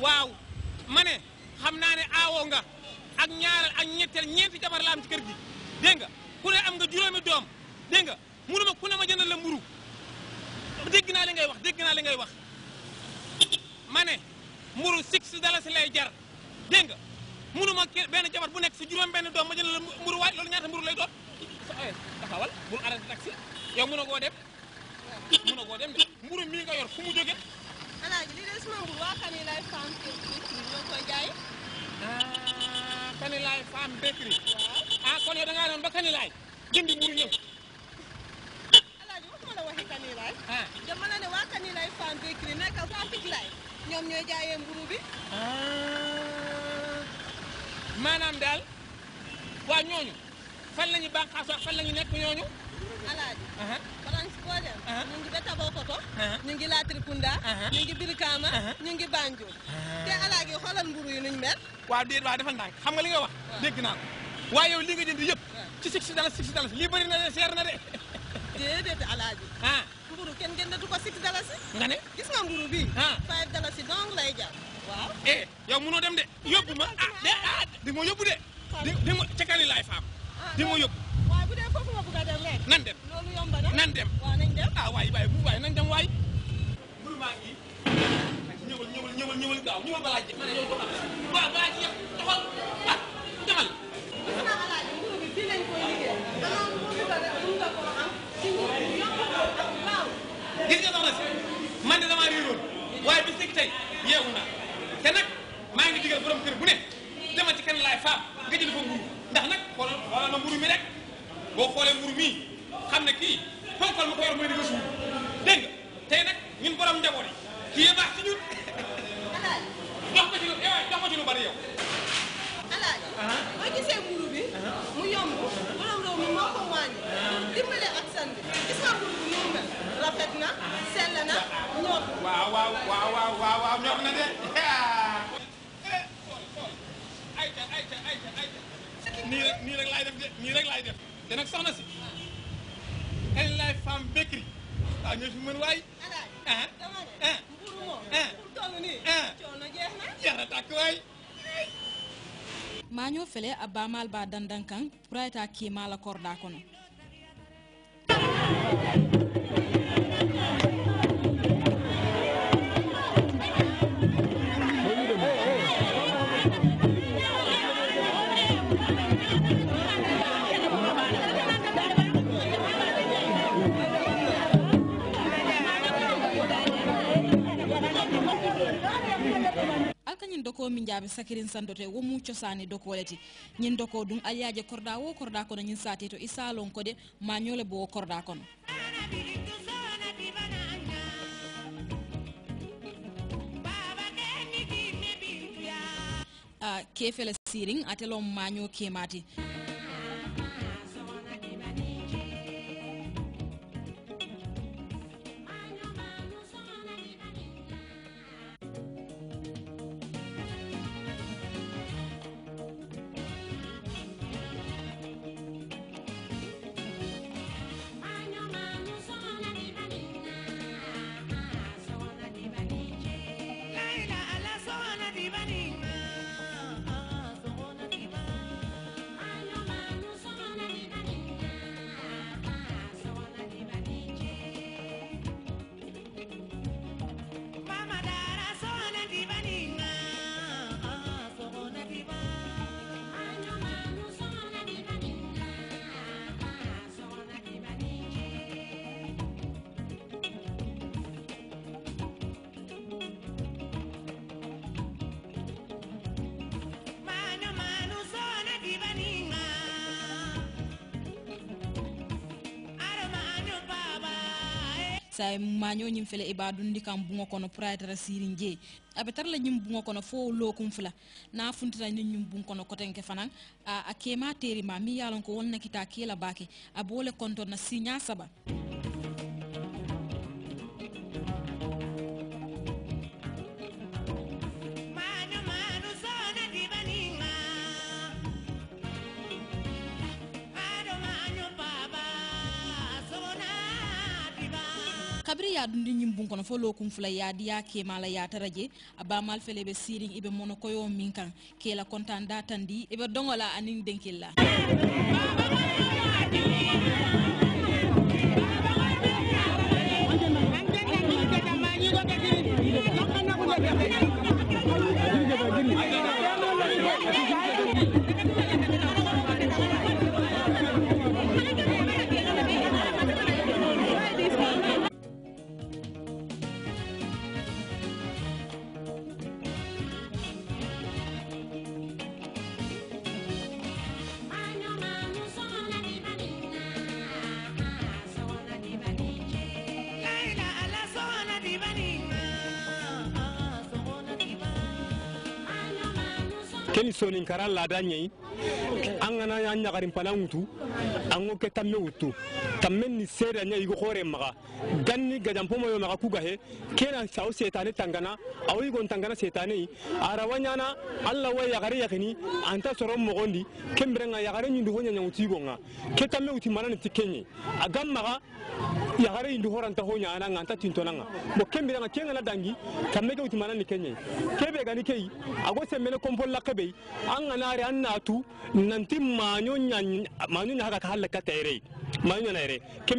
waaw ma ne xam naa ne aawoo nga ak ñaaral ak ñetteel ñeenti jabar la am ci gi dégg ku ne am nga juróomi doom dégg nga munu ma ku ne ma jëndal la mburu dégg naa li ngay wax dégg naa li ngay wax ma ne mburu six dala si lay jar dégg nga munu ma benn jabar bu nekk si juróom benn doom ma jëndal la mburu waay loolu ñaata mburu lay doon taxawal bul arrêté taxi yow mënagoo dem mënagoo dem de mburu mii nga yor fu mu jóge alaaji li des membul waa Kanilaay e Femme ah, Bakery ah, kon yow da ngaa ba Kanilaay jëndi mburu ñëw. alaaji waa Kanilaay Femme Bakery nekk Femme Pikilaay ñoom ñooy jaayee mburu bi. Ah. maanaam daal waa ñooñu fan la ñu bànqaasoo fan la ñu nekk ñooñu. alaaji. balance boo dem. Uh-huh. ñu ngi Latrikunda uh-huh. ñu ngi Birikama uh-huh. ñu ngi Banjul te alaagi xoolal mburu yi nuñ mel waaw déet waaw dafa ndànk xam nga li nga wax dégg naa ko waaye yow li nga jënd yëpp ci sixty dalasi sixty dalasi lii bëri na de seer na de déedéet alaaji ah mburu kenn jëndatu ko sixty dalasi nga ne gis nga mburu bii ah. five dalasi donc lay jar waaw eh yow mënoo dem de yóbbu ma ah de ah di ma yóbbu de di ma ca kani laay faam ah, di yóbbu waaw bu dee foofu nga bëgg a dem léegi nan dem ah waay waay bu waay nan dem waay. groupement gi ñëwal ñëwal ñëwal ñëwal gaaw ñëwal balaa ji. ma ne yow boo xam ne waaw balaa ji yëpp taxawal ah demal. gis nga soxna si man de damaa réeroon waaye bis ki tey yeewu naa te nag maa ngi digal borom kër bu ne dama ci kan laay faam nga jël fa mburu ndax nag xoolal xoolal na mburu mi rek boo xoolee mburu mi. xam ne kii fonkal mu ko yor di ko suuf dégg nga tey nag kii yee baax dox ko ci lu yow eh, dox ko ci lu bari yow. alaaji. Ah ah. boo ah mu yomb borom réew mi moo ko ak san gis nga mburu mu mel. rafet na sell na ñor. waaw waaw waaw waaw waaw ñor nii eh, rek nii rek nii rek laay def te femme ah, ah, ah, maa ñoo fele a baamal ba dandankan pour a yeta kiimaa la kono min jaabe sakirin sandote wo mucco sani dokoleti ñin doko ɗum aliyaje korda wo korda kono ñin sati to isalon kode ma ñole bo korda kono ah, kefele siring atelom maño kemati say maño ñim fele iba dundi kam bungo kono propriétaire siri nje abe tarla ñim bungo kono fo lo kum fula na funtita ñim ñim bungo kono koten ke fanan a, akema teri ma mi yalon ko wonna kita kila bake abole konto na sinya saba ya dundi nyimbun kono fo lokum fula ya diya ya taraje aba mal be siring ibe minkan ke la ibe dongola anin denkilla keni sonin karal ladan yayi an gana an ɲagarin fana ŋutu an ko kɛ tamme wutu tamme ni seeda ɲa yigo hore maga ganni gajanpomo yo maga kugahe kena sao setane tangana awo yigon tangana setane arawa ɲana alla wa yagare yakini anta soro mogondi kembirenga yagare ɲindu ho ɲaɲaŋutu yigonga ke tamme wuti mana ni ti kenye a gan maga yagare yindu horanta ho ɲaana nga anta tintonanga bo kembirenga ke ŋana dangi tamme ke wuti mana ni kenye kebe gani keyi ago semmene kompol lakkebei an ganare an natu nanti maanyo ɲaga ka halakata yɛrɛ maanyo ɲana yɛrɛ ke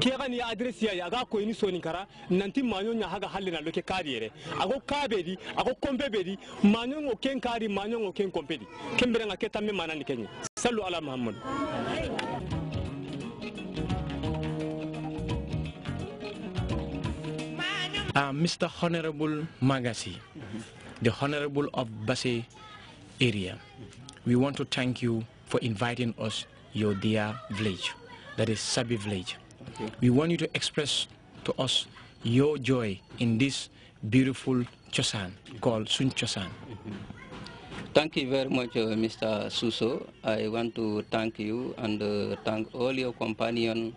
kega ni adresi yaye aga koyini soni kara nanti maño ɲa haga halle na loke kaadi yɛrɛ ago ka bedi ago kompe bedi maanyo ŋo ken kadi maanyo ŋo ken kompe di kembire nga ke tanme manani kenɲe salu ala mahamadu Uh, ah, Mr. Honorable Magasi, the Honorable of basse area. we want to thank you for inviting us your dear village, that is Sabi village. Okay. We want you to express to us your joy in this beautiful Chosan called Sun Chosan. Mm -hmm. Thank you very much, uh, Mr. Suso. I want to thank you and uh, thank all your companions,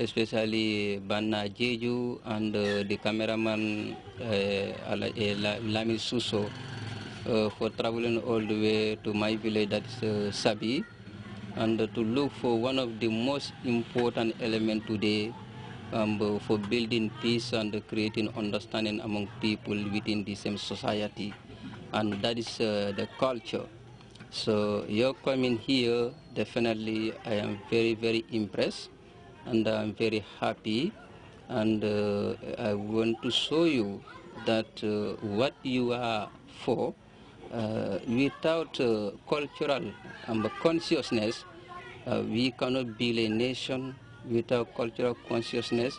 especially Banna Jeju and uh, the cameraman uh, eh, Lami Suso. Uh, for traveling all the way to my village, that is uh, Sabi, and to look for one of the most important elements today um, for building peace and creating understanding among people within the same society. And that is uh, the culture. So your coming here, definitely I am very, very impressed and I'm very happy. And uh, I want to show you that uh, what you are for uh, without uh, cultural um, consciousness, uh, we cannot build a nation without cultural consciousness.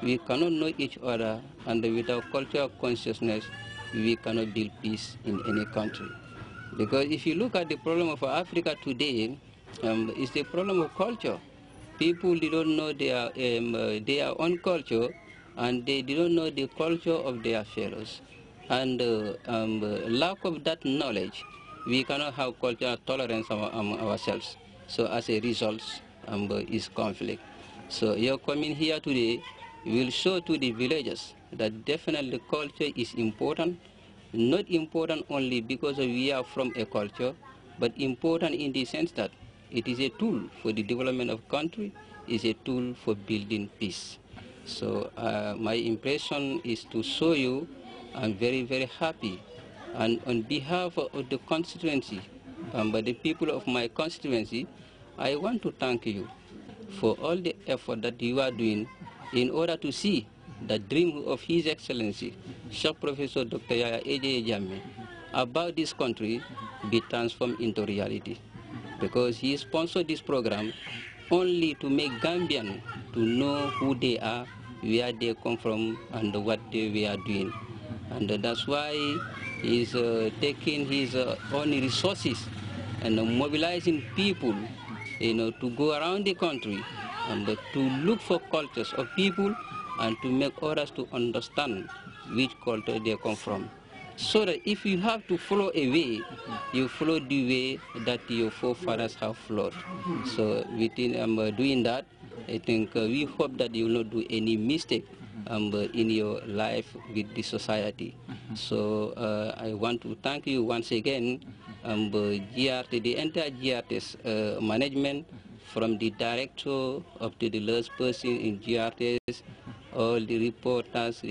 We cannot know each other, and without cultural consciousness, we cannot build peace in any country. Because if you look at the problem of Africa today, um, it's the problem of culture. People they don't know their, um, their own culture, and they don't know the culture of their fellows and uh, um, lack of that knowledge, we cannot have cultural tolerance among ourselves. So as a result, um, is conflict. So your coming here today will show to the villagers that definitely culture is important, not important only because we are from a culture, but important in the sense that it is a tool for the development of country, is a tool for building peace. So uh, my impression is to show you I'm very, very happy. And on behalf of the constituency, and um, by the people of my constituency, I want to thank you for all the effort that you are doing in order to see the dream of His Excellency, Sir Professor Dr. Yaya Eje about this country be transformed into reality. Because he sponsored this program only to make Gambian to know who they are, where they come from, and what they are doing. And that's why he's uh, taking his uh, own resources and mobilizing people you know, to go around the country and to look for cultures of people and to make others to understand which culture they come from. So that if you have to follow a way, you follow the way that your forefathers have followed. So within um, doing that, I think uh, we hope that you will not do any mistake um, in your life with the society. Mm-hmm. So uh, I want to thank you once again, mm-hmm. um, GRT, the entire GRT's uh, management, mm-hmm. from the director up to the last person in GRT's, all the reporters,